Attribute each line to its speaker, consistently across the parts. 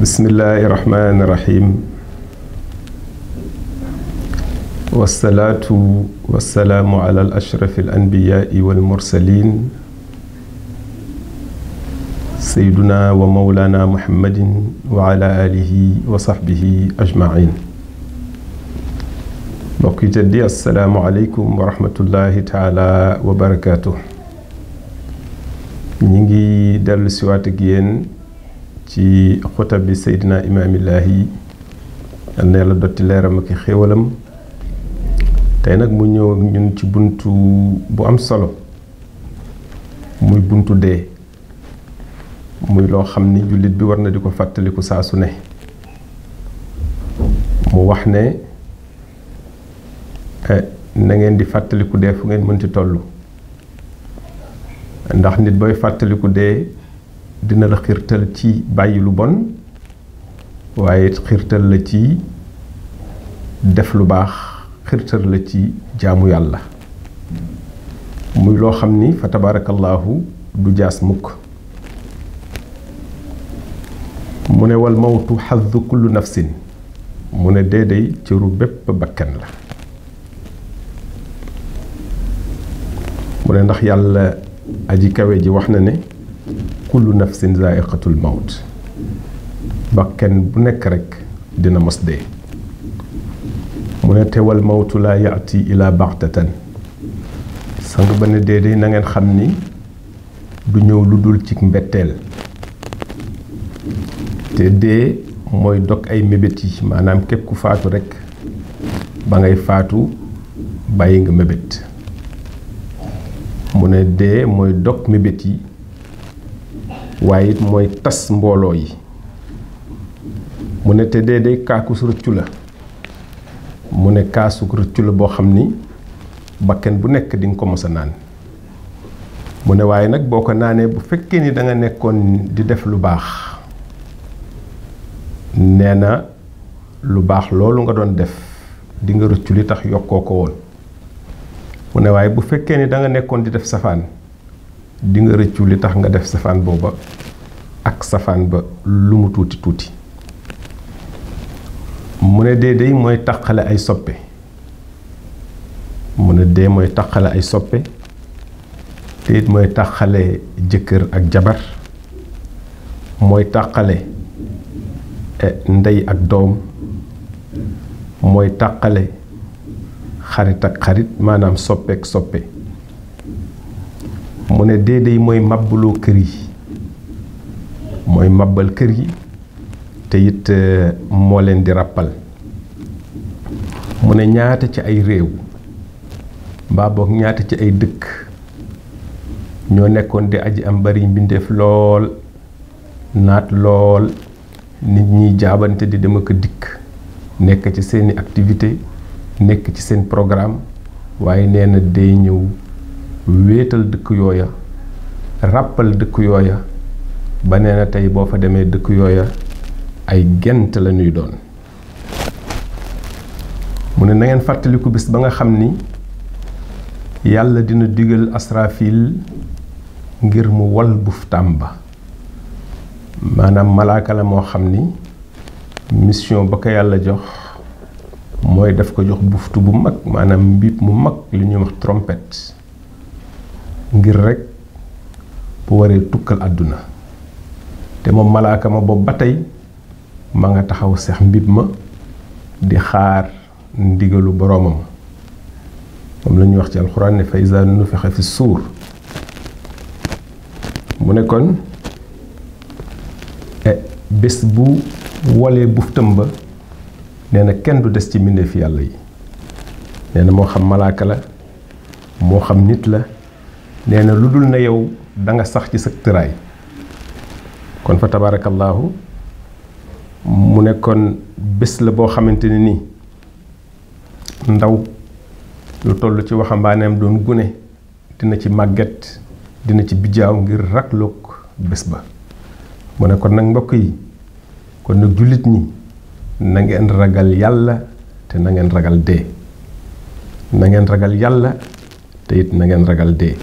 Speaker 1: بسم الله الرحمن الرحيم والصلاة والسلام على الأشرف الأنبياء والمرسلين sayduna wa mawlana muhammadin wa ala alihi wa saxbihi ajmain mbokk yi tëddi assalaamu wa rahmatullahi taala wa barakaatu ñi ngi dellu siwaat yéen ci xutab bi saydina imaamillaahi na yàlla dotti leeram ak xéewalam tey nag mu ñëw ñun ci buntu bu am solo muy buntu dee muy loo xam ni jullit bi war na di ko fàttaliku saa su ne mu wax ne eh, na ngeen di fàttaliku dee fu ngeen mënti toll ndax nit booy fàttaliku dee dina la xiirtal ci bàyyi lu bon waaye xiirtal la ci def lu baax xirtal la ci jaamu yàlla muy loo xam ni fa tabaarakallaahu du jaas mukk mune wal mawtu xaddu kullu nafsin mune dede ci ru bépp bakkan la mune ndax yàlla aji kawe ji waxna ne kullu nafsin zaiqatul mawt bakkan bu nek rek dina mos dee mu ne tewal mawtu la ya'ti ila ba'tatan sang ban dede na ngeen xamni du ñëw luddul ci mbettel te dee mooy dog ay mébét yi maanaam képp ku faatu rekk ba ngay faatu bàyyi nga mébét mu ne dee mooy dog mébét yi waaye it mooy tas mbooloo yi mu ne te dee day kaakus rëccu la mu ne kaasuk rëccu la boo xam ni bakken bu nekk dinga ko mos a naan mu ne waaye nag boo ko naanee bu fekkee ni danga nekkoon di def lu baax nee na lu baax loolu nga doon def di nga rëccu li tax yokkoo ko woon mu ne waaye bu fekkee ni danga nekkoon di def safaan dinga nga rëccu li tax nga def safaan booba ak safaan ba lu mu tuuti tuuti mu ne dee dey mooy taqale ay soppe mu ne dee mooy taqale ay soppe te it mooy taxxale jëkkër ak jabar mooy taqale E ndey ak doom mooy tàqale xarit ak xarit maanaam soppe soppe mu ne déedéy mooy màbbaloo kër yi mooy màbbal kër yi te it e, moo leen di ràppal mu ne ñaata ci ay réew mbaa boog ñaata ci ay dëkk ñoo nekkoon di aji am bari mbindeef lool naat lool nit ñiy jaabante di dem ak dikk nekk ci seeni activité nekk ci seen programme waaye nee na day ñëw wéetal dëkk yooya ràppal dëkk yooya ba nee na tey boo fa demee dëkk yooya ay gent la ñuy doon mu ne nangeen ngeen fàttaliku bis ba nga xam ni yàlla dina digal asrafil ngir mu wal buftaam ba maanaam malaaka la moo xam ni mission ba ko yàlla jox mooy def ko jox buftu bu mag maanaam mbiib mu mag li ñuy wax trompet ngir rek bu waree tukkal àdduna te moom malaaka ma boobu ba tey ma nga taxaw seex mbiib ma di xaar ndigalu boroomam moom la ñuy wax ci alxuraan ne fa iza nufixa fi suur mu ne E bés bu wolee buftam ba nee na kenn du des ci mbindeef yàlla yi nee na moo xam malaaka la moo xam nit la nee na lu dul ne yow danga sax ci sa tëraay kon fa tabaarakallaahu mu ne kon bés la boo xamante ne nii ndaw lu toll ci waxambaaneem doon gune dina ci màgget dina ci bijaaw ngir ragloog bés ba mu kon nag mbokk yi kon nag julit ñi na ngeen ragal yàlla te na ngeen ragal dee na ngeen ragal yàlla te it na ngeen ragal dee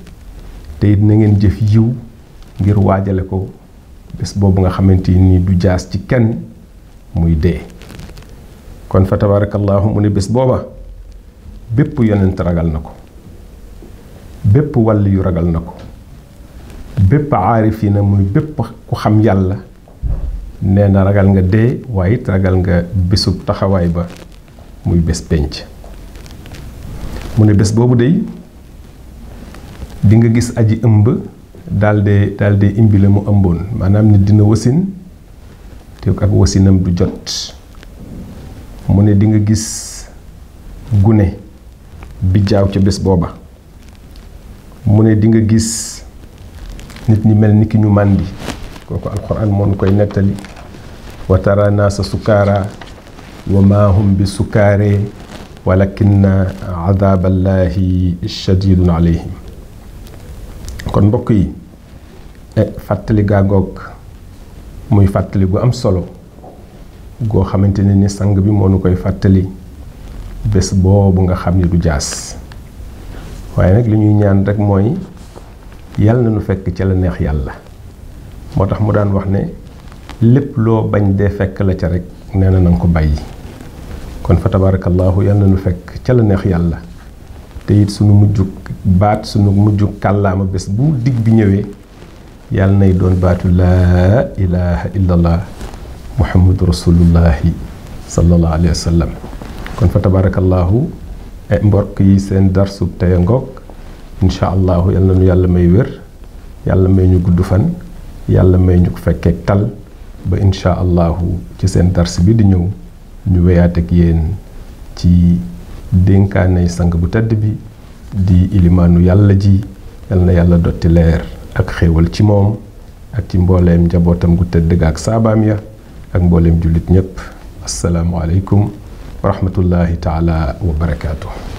Speaker 1: te it na ngeen jëf yiw ngir waajale ko bés boobu nga xamante ni du jaas ci kenn muy dee kon fa tabarakallahu mu ne bés booba bépp yonent ragal na ko bépp wàll yu ragal na ko bépp aarif yi na muy bépp ku xam yàlla nee na ragal nga dee waaye it ragal nga bésu taxawaay ba muy bés penc mu ne bés boobu day di nga gis aji ëmb dalde dalde imbi mu ëmboon maanaam nit dina wasin te ak wasinam du jot mu ne di nga gis gune bi jaaw ca bés booba mu ne di gis nit ñi mel ni ki ñu màndi kooku alxuraan moo ñu koy nettali watara tara sa sukaara wa maa hum bi sukaare walakinna adaaballaahi shadidun alayhim kon mbokk yi e, fàttali gaagoog muy fàttali gu am solo goo xamante ne ni sang bi moo nu koy fàttali bés boobu nga xam ni du jaas waaye nag li ñuy ñaan rekk mooy yàlla na nu fekk ca la neex yàlla moo tax mu daan wax ne lépp loo bañ dee fekk la ca rek nee na nanga ko bàyyi kon fa tabaarakallaahu yàlla na nu fekk ca la neex yàlla te it sunu mujju baat sunu mujju kàllaama bés bu digg bi ñëwee yàlla nay doon baatu laa ilaha illallah muhammadu rasulullahi sallallahu alayhi wa sallam kon fa tabaarakallaahu mbokk yi seen darsub tey ngoog incha allah yal nañu yàlla may wér yàlla may ñu gudd fan yàlla may ñu ko fekkeek tal ba incha allahu ci seen dars bi di ñëw ñu weyaat ak yéen ci dénkaanay sang bu tëdd bi di ilimaanu yàlla ji yal na yàlla dotti leer ak xéewal ci moom ak ci mbooleem njabootam gu tëdd ga ak saabaam ya ak mbooleem jullit ñépp asalaamualeykum wa rahmatullahi taala wa